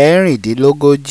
ẹ̀rìndínlógójì